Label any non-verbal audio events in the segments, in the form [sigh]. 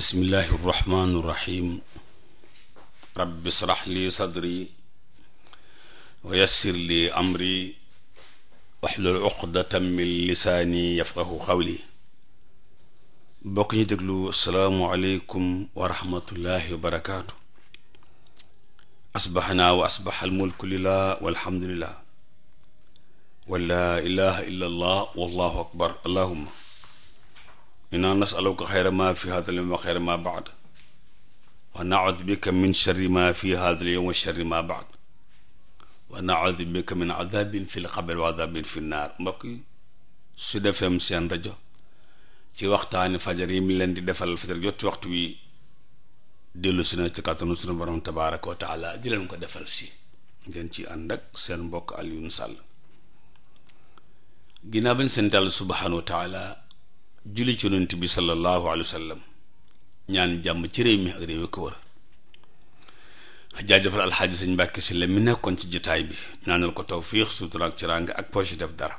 bismillahi irrahmani irrahim rabbi israh li sadri wa yassir li amri waxlul uqdatan min lisaani yafqahu xawli bokk ñu déglu asalaamualeykum wa rahmatullahi wa barakaatu asbaxnaa wa asbaxa almulku lillah walhamdulillah wa laa ilaha illa allah wallahu akbar allahuma inna nasaluka xayra ma fi hada al yowm wa xayra ma baad wa naudu bika min sharri ma fi hada al yowm wa sharri ma baad wa naudu bika min adabin fi lxabri wa adabin fi naar mbokk yi Sud FM seen rajo ci waxtaani fajar yi mi leen di defal fajar jot ci waxtu wi dellu si na ci kàttanu sunu borom tabaaraka wa taala di leen ko defal si ngeen ci ànd ak seen mbokk Alioune Sall ginnaaw bañ seen tàll subhaanahu wa taala julli ci yonent bi sallallahu alayhi wa ñaan jàmm ci réew mi ak réew yi ko wër jaajëfal alxaaji sëñ Mbàkke si la mi nekkoon ci jataay bi ñaanal ko tawfiix sutura ak ci ràng ak poche def dara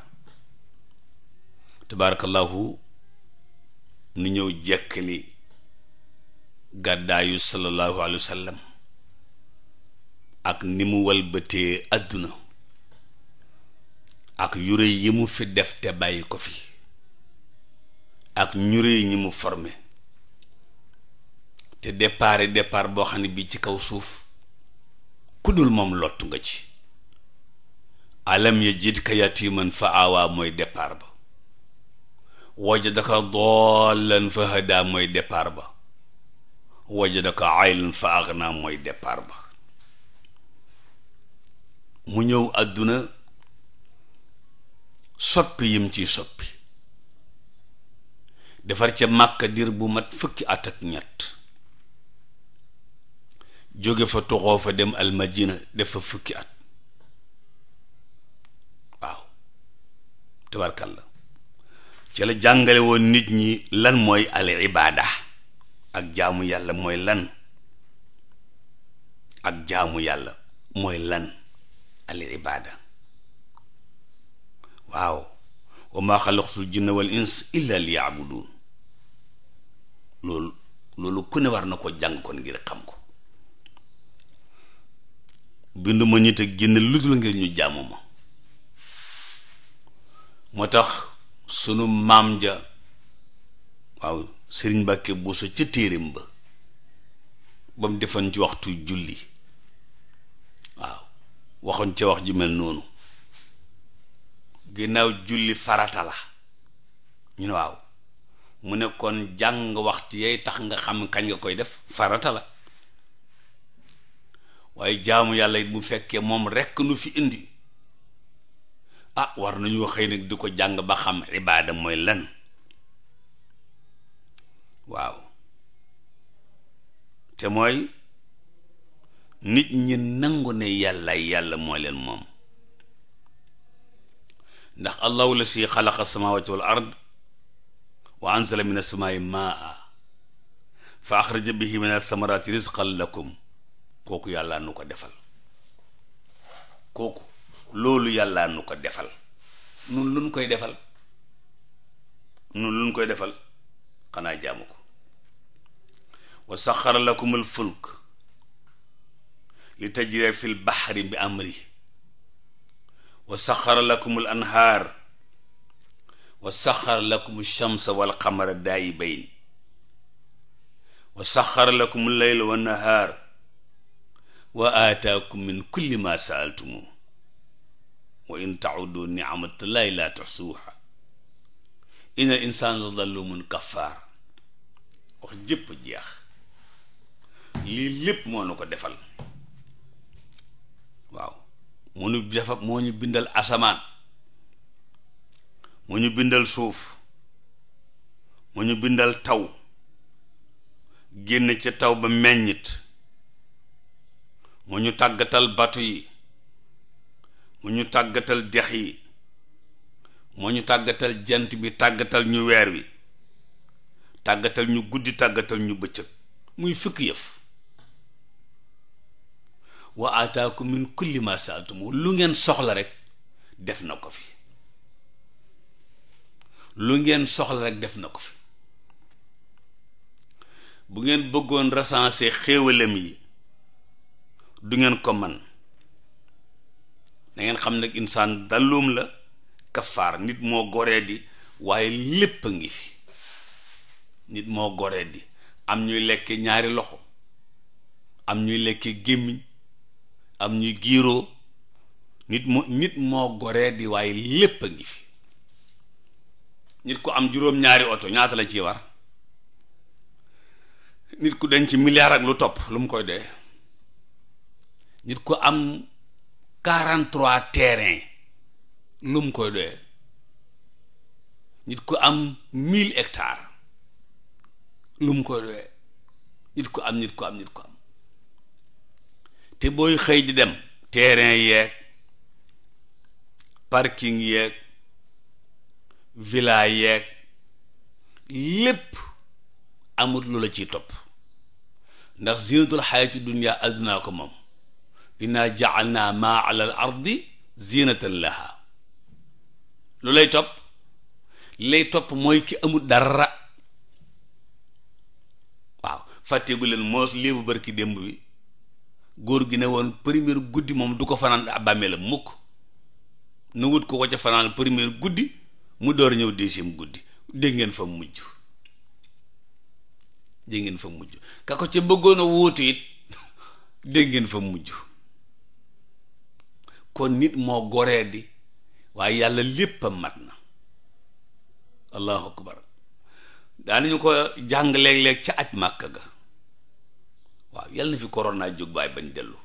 tabarakallahu nu ñëw jekkali gàddaayu sallallahu alayhi wa sallam ak ni mu walbatee àdduna ak yure yi mu fi def te bàyyi ko fi ak ñu réy ñi mu formé te départ départ boo xam ne bi ci kaw suuf ku dul moom lottu nga ci alam yajidka yatiman fa aawaa mooy départ ba wajadaka dollan fa hada mooy départ ba wajadaka aylan fa agna mooy départ ba mu ñëw àdduna soppi yim ciy soppi defar ca màkka dir bu mat fukki at ak ñett jóge fa tuxoo fa dem almadina def fa fukki at waaw la ci la jàngale woon nit ñi lan mooy al ibaada ak jaamu yàlla mooy lan ak jaamu yàlla mooy lan al ibaada waaw wa maa xalaqtul jinna wal ins loolu ku ne war na ko jàng kon ngir xam ko bind ma nit ak génn lu dul ngir ñu jaamu ma moo tax sunu maam ja waaw sëriñ Mbàkke Buso ca téereem ba ba mu defoon ci waxtu julli waaw waxoon ca wax ju mel noonu ginnaaw julli farata la ñu ne waaw mu ne kon jàng waxtu yay tax nga xam kañ nga koy def farata la waaye jaamu yàlla it mu fekkee moom rekk nu fi indi a ah war nañu xëy nag di ko jàng ba xam ibaada mooy lan waaw te mooy nit ñi nangu ne yàlla yàlla moo leen moom ndax allahu la si xalaqa sama wal ard wa anzala min asamaai maa fa axraja bihi min athamarati risqan lakum kooku yàllaa nu ko defal kooku loolu yàllaa nu ko defal nun luñ koy defal nun luñ koy defal xanaa jaamu ko wa saxara lakum al fulk li tajriya fi l baxri bi amri wa saxara lakum al anhaar wa saxara lakum shamsa wal qamara daayibayn wa saxara lakum leyla wa nahaar wa aataakum min kulli ma saaltumu wa in taudu nicmatallahi laa tuxsuuha inna al insaan la dallumun kafaar wax jëpp jeex lii lépp moo nu ko defal waaw moo nu dafa moo ñu bindal asamaan mu ñu bindal suuf mu ñu bindal taw génn ca taw ba meññit mu ñu tàggatal batu yi mu ñu tàggatal dex yi mu ñu tàggatal jant bi tàggatal ñu weer wi tàggatal ñu guddi tàggatal ñu bëccëg muy fukki yëf wa ataakum min kulli ma saaltumu lu ngeen soxla rekk def na ko fi lu ngeen soxla rek def na ko fi bu ngeen bëggoon recenser xéewalam yi du ngeen ko man na ngeen xam nag insaan dallum la kafaar nit moo goree di waaye lépp a ngi fi nit moo goree di am ñuy lekke ñaari loxo am ñuy lekke gémmiñ am ñuy giiroo nit moo nit moo goree di waaye lépp a ngi fi nit ku am juróom-ñaari oto ñaata la ci war nit ku denc milliard ak lu topp lu mu koy dee nit ku am quarante-trois terrain lu mu koy doyee nit ku am mille hectares lu mu koy doyee nit ku am nit ko am te booy xëy di dem terrain yeeg parking yeeg villa yeeg lépp amut lu la ciy topp ndax zinatul xayati dunia addunaa ko moom inna jaalna ma ala al ardi zinatan laha lu lay topp lay topp mooy ki amul dara waaw fàtteegu leen moos léebu barki démb bi góor gi ne woon première guddi moom du ko fanaan bàmmee la mukk nu wut ko wacca fanaan première guddi mu door ñëw dixième guddi dégg ngeen fa mujj dégg ngeen fa mujj ka ko ca bëggoon a wuutu it [laughs] dégg fa mujj kon nit moo goree di waaye yàlla lépp a mat na allahu akbar daanañu ko jàng léeg-léeg ca aj màkk ga waaw yàlla na fi corona jóg baay bañ dellu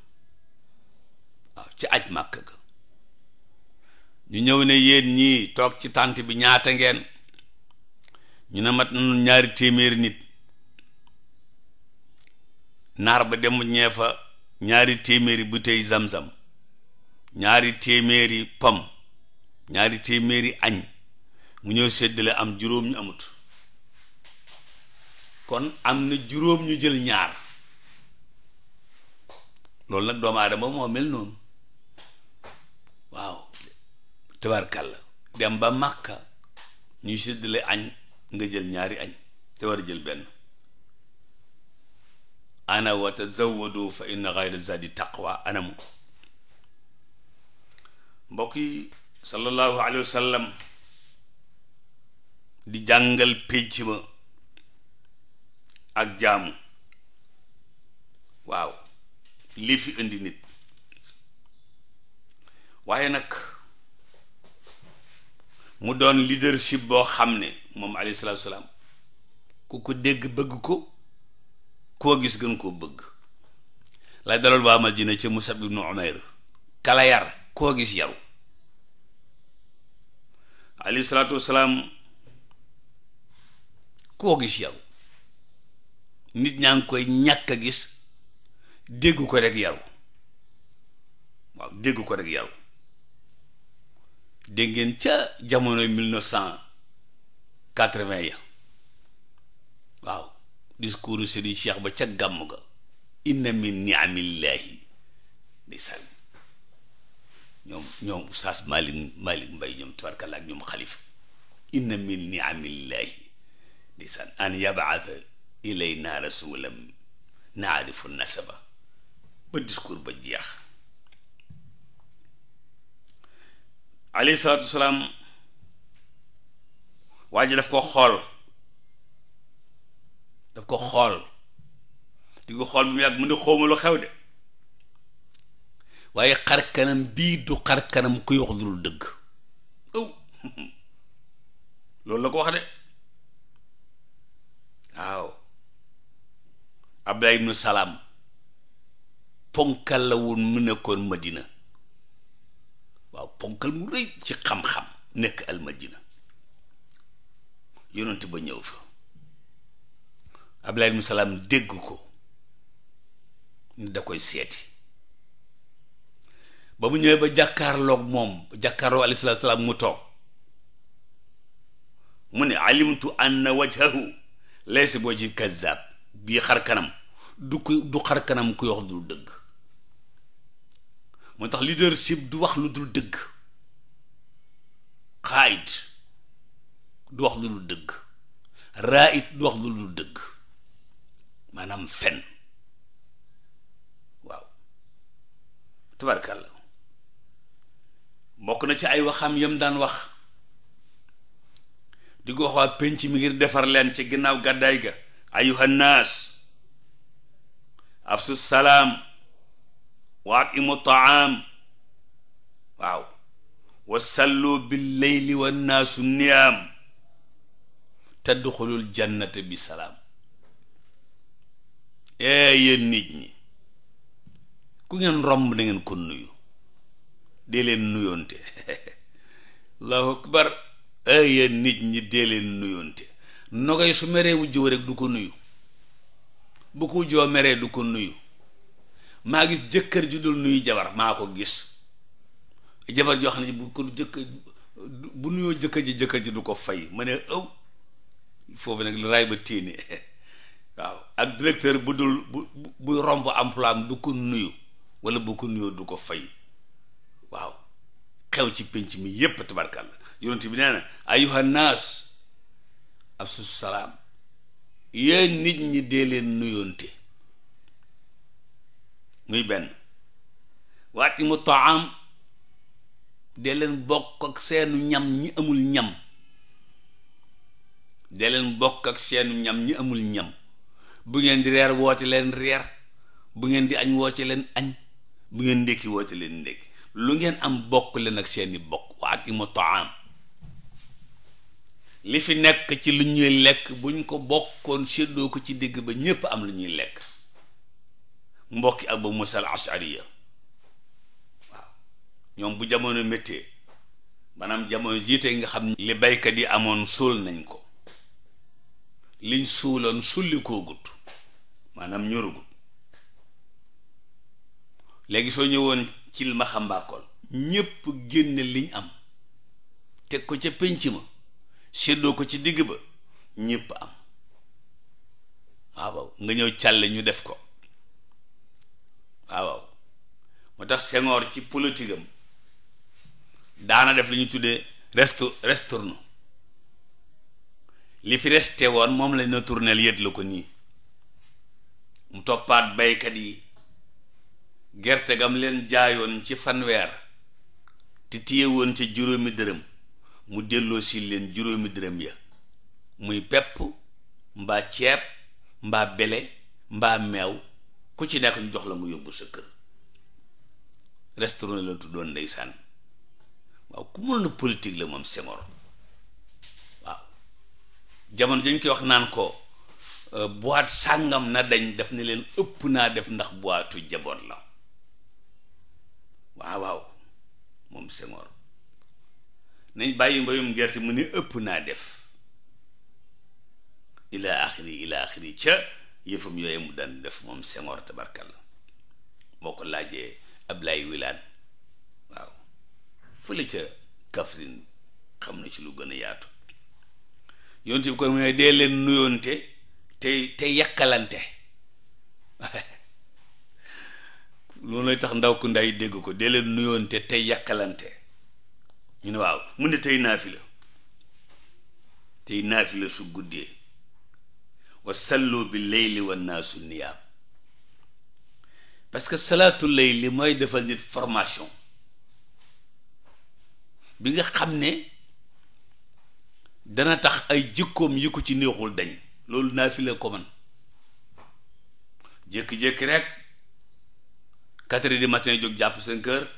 waaw ca aj màkk ga ñu ñëw ne yéen ñii toog ci tànt bi ñaata ngeen ñu na mat nañu ñaari téeméeri nit naar ba dem ñee ñaari téeméeri butéy zam-zam ñaari téeméeri pom ñaari téeméeri añ mu ñëw seddale am juróom ñu amut kon am na juróom ñu jël ñaar loolu nag doomu aadama moo mel noonu waaw tabarkàlla dem ba màkka ñuy séddale añ nga jël ñaari añ te war a jël benn ana wa tazawwadu fa inna xayra zadi taqwa anamu mbokk yi sallallahu alayhi di jàngal pénc ma ak jaamu waaw lii fi indi nit waaye nag mu doon leadership boo xam ne moom alayhi salaam ku ko dégg bëgg ko koo gis gën koo bëgg la dalool waa Madina ca Musab ibnu Umayr kala yar koo gis yaru alayhi salaatu koo gis yaru nit ñaa ngi koy ñàkk a gis dégg ko rek yaru waaw dégg ko rek yaru dégg ngeen ca jamono mille neuf waaw discours Serigne Cheikh ba ca gàmm ga inna min niamillaahi di sal ñoom ñoom Oustaz Malick Malick ñoom tubarkalla ak ñoom xalifa inna min niamillaahi di sal an yabaata ilayna rasulam naarifu nasaba ba discours ba jeex alayhi salaatu wasalaam waa daf ko xool daf ko xool di ko xool bi mu yàgg mu ne xawma lu xew de waaye xar kanam bii du xar kuy wax dul dëgg oh. [laughs] loolu la ko wax de waaw Abdullah ibnu Salaam ponkal la woon mu nekkoon Madina waaw ponkal mu rëy ci xam-xam nekk almadina yonent ba ñëw fa Ablaye ibn Salaam dégg ko ni da koy seeti ba mu ñëwee ba jàkkaarloog moom jàkkaarloog alayhi salaam mu toog mu ne alimtu anna wajhahu laysa boo ci kazzab bii xar kanam du ko du xar ku yox dul dëgg moo tax leadership du wax lu dul dëgg xaayit du wax lu dul dëgg raayit du wax lu dul dëgg maanaam fen waaw tabarkàlla bokk na ci ay waxam yam daan wax di ko wax waa penc mi ngir defar leen ci ginnaaw gàddaay ga ayuha naas afsu salaam wa atimu taam waaw wa sallu billeyli wannaasu niyaam tadxulul jannata bi salaam ee eh, yéen nit ñi ku ngeen romb na ngeen ko nuyu dee leen nuyoonte [laughs] allahu akbar ee eh, yéen nit ñi dee leen nuyoonte nogay su meree wujjoo rek du ko nuyu bu ko wujjoo meree du ko nuyu maa gis jëkkër ju dul nuyu jabar maa ko gis jabar joo xam ne bu ko jëkkër nuyoo jëkkër ji jëkkër ji du ko fay ma ne ëw foofu nag raay ba tiini [laughs] waaw ak directeur bu dul bu bu romb emploi du ko nuyu wala bu ko nuyoo du ko fay waaw xew ci pénc mi yépp tabarkàlla yonent bi nee na ayuhannaas absu salaam yéen nit ñi dee leen nuyoonte muy benn waati mu taam de leen bokk ak seenu ñam ñi amul ñam de leen bokk ak seenu ñam ñi amul ñam bu ngeen di reer woote leen reer bu ngeen di añ woote leen añ bu ngeen ndékki woote leen ndékki lu ngeen am bokk leen ak seeni bokk waati mu taam li fi nekk ci lu ñuy lekk buñ ko bokkoon séddoo ko ci digg ba ñépp am lu ñuy lekk mbokki Abu Musa al Ashariya waaw ñoom bu jamono méttee maanaam jamono jiite nga xam li baykat yi amoon suul nañ ko liñ suuloon sulli koo gut maanaam ñorugut léegi soo ñëwoon ci ma xam mbaakool ñépp génne liñ am teg ko ca pénc ma séddoo ko ci digg ba ñépp am waaw nga ñëw càll ñu def ko waaw moo tax Senghor ci politique daana def li ñu tuddee restu restourne li fi resté woon moom lañ na tournel yët la ko nii mu toppaat baykat yi gerte gam leen jaayoon ci fanweer te téye woon ci juróomi dërëm mu delloo si leen juróomi dërëm ya muy pepp mbaa ceeb mbaa bele mbaa meew ku ci nekk ñu jox la mu yóbbu sa kër restaurant la tuddoon ndeysaan waaw ku mënoon a la moom Senghor waaw jamono dañ koy wax naan ko euh, boîte na dañ daf ne leen ëpp naa def ndax boîtu jaboot la waaw waaw moom nañ bàyyi mbayum gerte mu ni ëpp naa def ila axiri ila axiri ca yëfam yooyu mu daan def moom Senghor la boo ko laajee Ablaye Wilane waaw fële ca kafrin xam na ci lu gën a yaatu yonte bi kon mu ne dee leen nuyoonte te te yàkkalante [laughs] loolu lay tax ndaw ku nday dégg ko dee leen nuyoonte tey yàkkalante ñu ne waaw mu ne tey naafi la tey naafi la su guddee wa sallu bi leyli wa naasu niyaam parce que salaatu leyli mooy defal nit formation bi nga xam ne dana tax ay jikkoom yi ko ci neexul dañ loolu naafile ko man jékki-jékki rek quatre heures du matin jóg jàpp cinq heures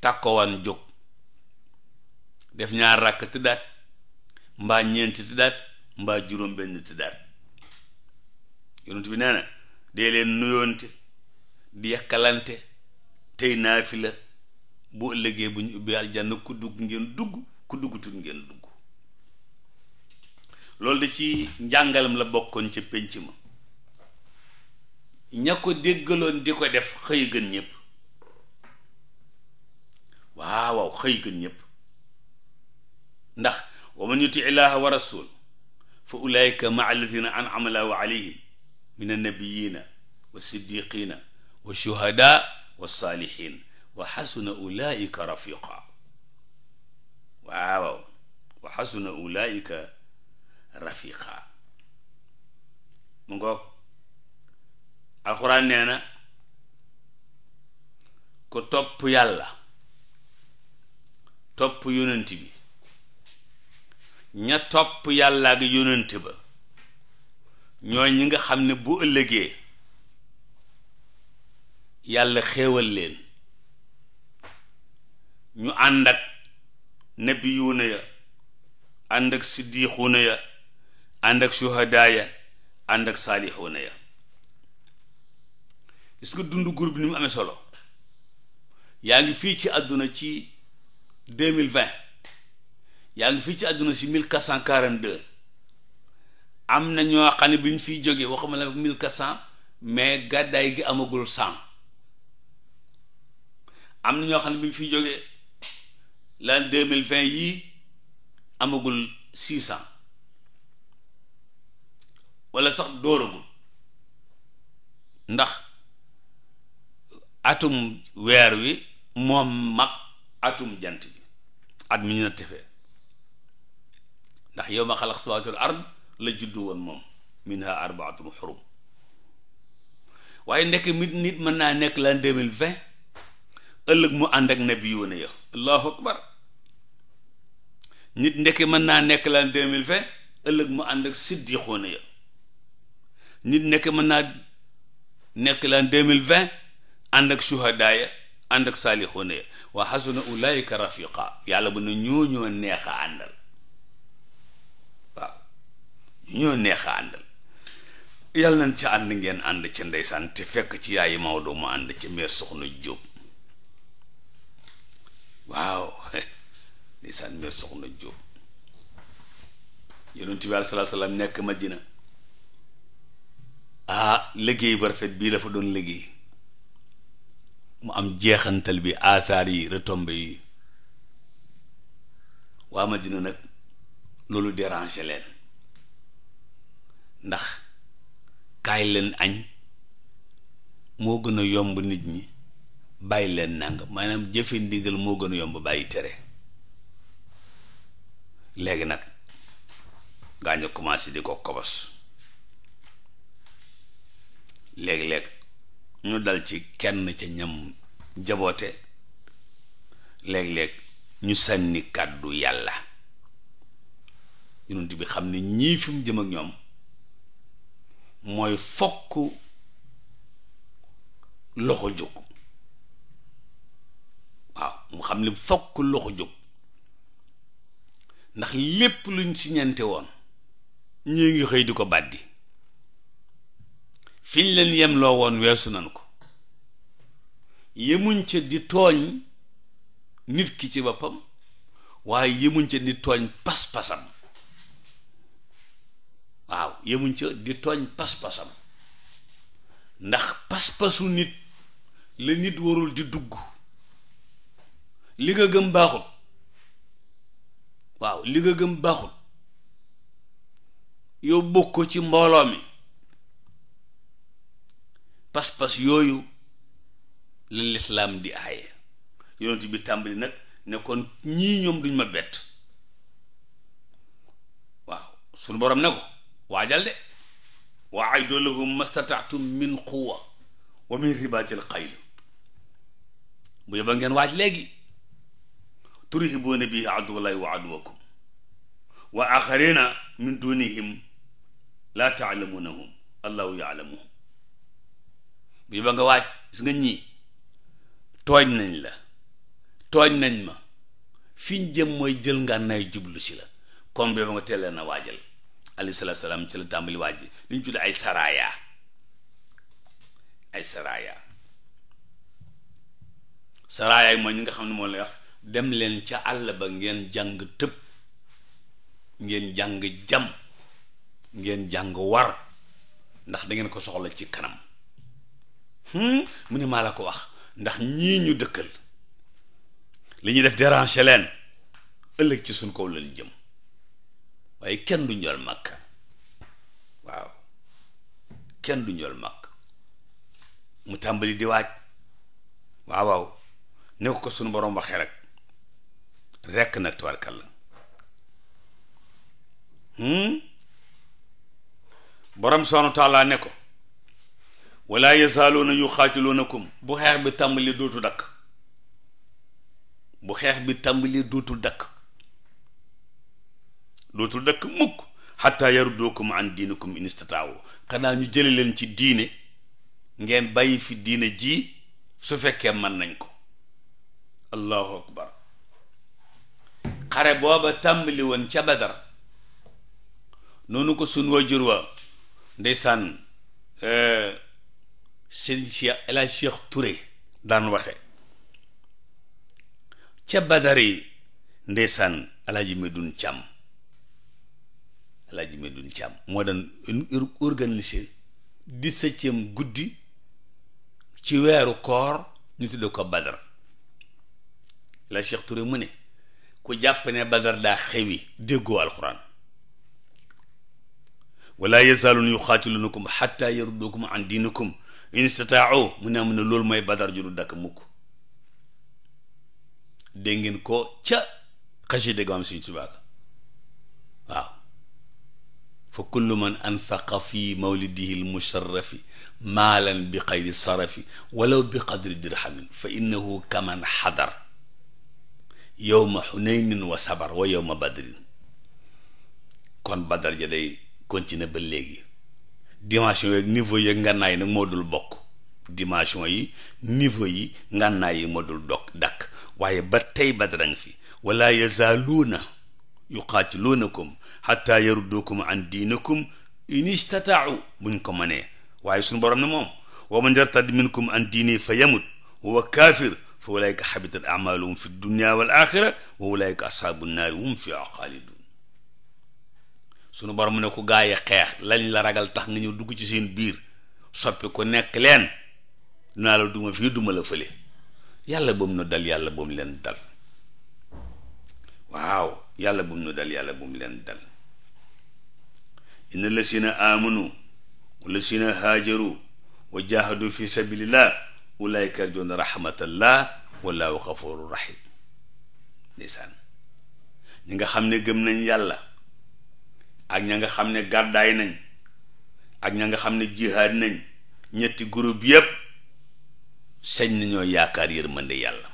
tàkkowaan jóg def ñaar ràkk tëddaat mbaa ñeenti tëddaat mbaa juróom benn tëddaat yonent bi nee na dee leen nuyoonte di yakkalante tey naafila bu ëllëgee bu ñu ubbi aljanna ku dugg ngeen dugg ku duggutul ngeen dugg loolu de ci njàngalam la bokkoon ca pénc ma ña ko déggaloon di ko def xëy gën ñëpp waaw xëy gën ñëpp ndax wa man yuti ilaaha wa rasul fa ulaika ma alladina an'ama allahu alayhim min annabiyiina wa siddiqiina wa shuhadaa wa saalihiin wa xasuna ulaika rafiqa waaw wa xasuna ulaika rafiqa mu ngoog alxuraan nee na ku topp yàlla topp yonent bi ña topp yàlla ak yonent ba ñooy ñi nga xam ne bu ëllëgee yàlla xéewal leen ñu ànd ak nabiyuuna ya ànd ak siddiixuuna ya ànd ak suhadaa ya ànd ak saalixuuna ya gis nga dund gur bi ni mu amee solo yaa ngi fii ci àdduna ci deux mille vingt yaa ngi fii ci àdduna si mille quatre cent quarante deux am na ñoo xam ne bi ñu fiy jógee waxuma la mille quatre mais gàddaay gi amagul cent am na ñoo xam ne bi mille vingt yii amagul six cent wala sax dóoragul ndax atum weer wi moom mag atum jant bi at mi ñu na tefee ndax yow ma xalaq samaawaati wal la juddu woon moom minha arbaatun xurum waaye ndekk mit nit mën naa nekk l'an deux mille vingt ëllëg mu ànd ak nabiyuuna ya allahu akbar nit ndekk mën naa nekk l'an deux mille vingt ëllëg mu ànd ak siddiquuna ya nit nekk mën naa nekk l'an deux mille vingt ànd ak shuhadaa ya ànd ak saalixuuna ya wa xasuna ulaayika rafiqa yàlla bu ne ñoo ñoo neex àndal ñoo neex a àndal yàlla nañ ca ànd ngeen ànd ca ndeysaan te fekk ci yaayi Maodo mu ànd ca meer soxna Jóob waaw [laughs] ndeysaan meer soxna Jóob yonent bi aleyhi salaatu salaam nekk Madina ah liggéey ba rafet bii dafa doon liggéey mu am jeexantal bi aasaar yi retombé yi waa Madina nag loolu déranger leen ndax kaay leen añ moo gën a yomb nit ñi bàyyi leen nàng maanaam jëfe ndigal moo gën a yomb bàyyi tere léegi nag gaa ñu commencé di ko kobos léeg-léeg ñu dal ci kenn ca ñam jaboote léeg-léeg ñu sànni kàddu yàlla yonent bi xam ne ñii fi mu jëm ak ñoom mooy fokk loxo jóg waaw mu xam ne fokk loxo jóg ndax lépp luñ si ñente woon ñii ngi xëy di ko bàddi fiñ leen yem loo woon weesu nañ ko yemuñ ca di tooñ nit ki ci boppam waaye yemuñ ca di tooñ pas-pasam waaw yemuñ ca di tooñ pas-pasam ndax pas-pasu nit la nit warul di dugg li nga gëm baaxul waaw li nga gëm baaxul yow bokk ko ci mbooloo mi pas-pas yooyu la lislaam di aaye yonent bi tàmbali nag ne kon ñii ñoom duñ ma bett waaw sunu borom ne ko waajal de wa aydu lahum mastataatum min quwa wa min ribatil xayl bu yóbba ngeen waaj léegi turhibuuna bihi aduwallahi wa aduwakum wa axarina min dunihim laa taalamunahum allahu yaalamuhum bu yóbba nga waaj gis nga ñii tooñ nañ la tooñ nañ ma fi ñu jëm mooy jël ngànnaay jublu si la comme bi ba nga teel leen waajal alayhi salaam ci la tàmbali waaj li ñu tudd ay saraya ay saraya saraya yi mooy ñi nga xam ne moo lay wax dem leen ca àll ba ngeen jàng tëb ngeen jàng jam ngeen jàng war ndax dangeen ko soxla ci kanam hmm? mu ne maa la ko wax ndax ñii ñu dëkkal li ñuy def déranger leen ëllëg ci suñ kow leen jëm waaye kenn du ñool makka waaw kenn du ñool makka mu tàmbali di waaj waaw waaw ne ko ko sunu borom waxee rekk rekk nag tabarkal la hmm? borom subhaanahu taala ne ko wala yazaaluuna yuxaatiluunakum bu xeex bi tàmbali dootu dakk bu xeex bi tàmbali dootu dakk dootul dëkk mukk xatta yaruddukum an diinikum in istataawu xanaa ñu jële leen ci diine ngeen bàyyi fi diine ji su fekkee mën nañ ko allahu akbar xare booba tàmbali woon ca badar noonu ko suñ wajur wa ndeysaan euh, sëñ Cheikh El Hadj Cheikh daan waxe ca badar yi ndeysaan El Hadj Medoune Thiam Alaaji Medoune Thiam moo doon organiser dix-septième guddi ci weeru koor ñu tudde ko Badar la Cheikh Touré mu ne ku jàpp ne Badar daa xewi déggoo alxuraan wala yazaaluuna yuqaatiluunakum xatta yaruddukum an diinikum in mu ne am loolu mooy Badar ju du dakk mukk dégg ngeen ko ca xasi dëgg am suñ subaaka waaw fa kullu man anfaqa fi mawlidihi lmusharrafi maalan bi xayri sarafi walaw bi qadri dirhamin fa innahu kaman xadar yowma xunaynin wa sabar wa yowma badrin kon badar ja day continuer ba léegi dimension yeeg niveau yeeg ngànnaay yi nag moo dul bokk dimension yi niveau yi ngànnaay yi moo dul dokk dakk waaye ba tey badara nga fi wala yazaaluuna yuqaatiluunakum xatta yaruddukum an diinakum in istataacu buñ ko mënee waaye suñu borom ne moom wa man yartad minkum an diini fa yamut wa kaafir fa ulaayka xabitat amaaluhum fi dunia wal axira borom ne ku gaay yi xeex lañ la ragal tax nga ñëw dugg ci seen biir soppi ko nekk leen dinaa la duma fii duma la fële yàlla bum nu dal yàlla bum leen dal waaw yàlla bum nu dal yàlla bum leen dal inna lasina amanu walasina haajaru wa jahadu fi sabilillah ulaika arjuna rahmatallah wallahu xafuru ñi nga xam ne gëm nañ yàlla ak ña nga xam ne gàddaay nañ ak ña nga xam ne jihaad nañ ñetti groupe yépp sañ nañoo yaakaar yërmande yàlla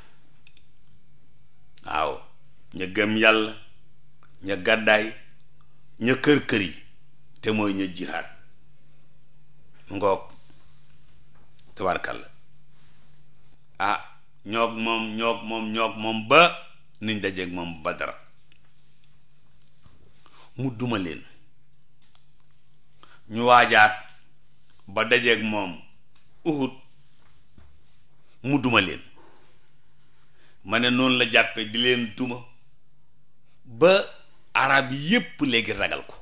waaw ña gëm yàlla ña gàddaay ña kër-kër yi te mooy ñu jihaad ngoog tabarkalla ah ñoog moom ñoog moom ñoog moom ba niñ dajeeg moom ba dara mu duma leen ñu waajaat ba dajeeg moom uhud mu duma leen ma ne noonu la jàppe di leen duma ba arab yépp léegi ragal ko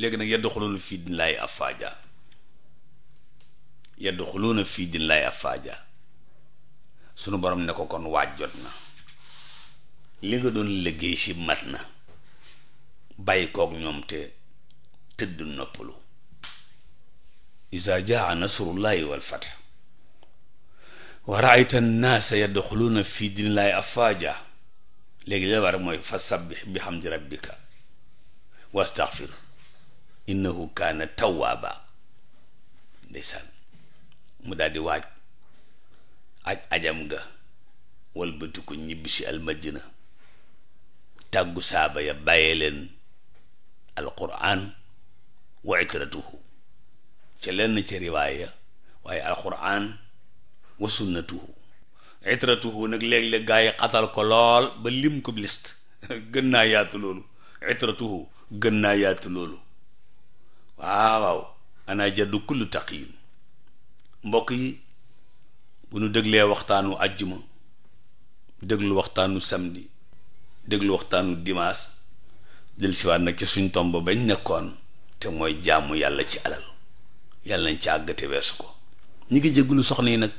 léegi nag yadxuluuna fii diinillaahi afwaajaa yadxuluuna fii diinillaahi afwaajaa sunu borom ne ko kon waaj jot na li nga doon liggéey si mat na bàyyi koog ñoom te tëdd noppalu izaa jaa nasrullaahi wal fath wa raayta annaasa yadxuluuna fii diinillaahi afwaajaa léegi la war mooy fa sabbih bi hamdi rabbika wastaghfir innahu kaana tawwaaba ndeysaan mu daal di waaj ajam ga walbatiku ñibbisi almadina tàggu saaba ya bàyyee leen alquran wa itratuhu ca lenn ci riwaaya waaye alquran wa sunnatuhu itratuhu nag léeg-léeg gaa yi ko lool ba lim ko list [laughs] gën naa yaatu loolu itratuhu gën naa yaatu loolu waaw ana jaddu kullu taqiyin mbokk yi bu nu déglee waxtaanu àjjuma déglu waxtaanu samedi déglu waxtaanu dimanche del siwaat nag ci suñ tomb bañ nekkoon te mooy jaamu yàlla ci alal yàlla nañ ci àggate weesu ko ñi ngi jéggulu soxna yi nag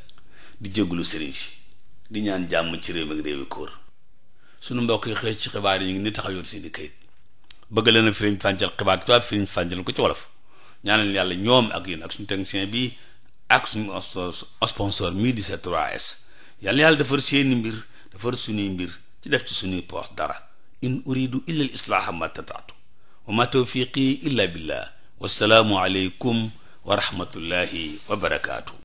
di jéggulu sëriñ si di ñaan jàmm ci réew ak réewi kóor sunu mbokk yi xëy ci xibaar yi ngi ni taxaw yor di kayit bëgg leen a firiñ fàncal xibaar tubaab firiñ fàncal ko ci wolof ñaanal yàlla ñoom ak yéen ak suñu technicien bi ak suñu sponsor mii di sa 3S yàlla yàlla defar seeni mbir defar suñuy mbir ci def ci suñuy poos dara in uridu illa al islaaha ma tataatu wa ma tawfiqi illa billah wassalaamu aleykum wa rahmatullahi wa barakaatu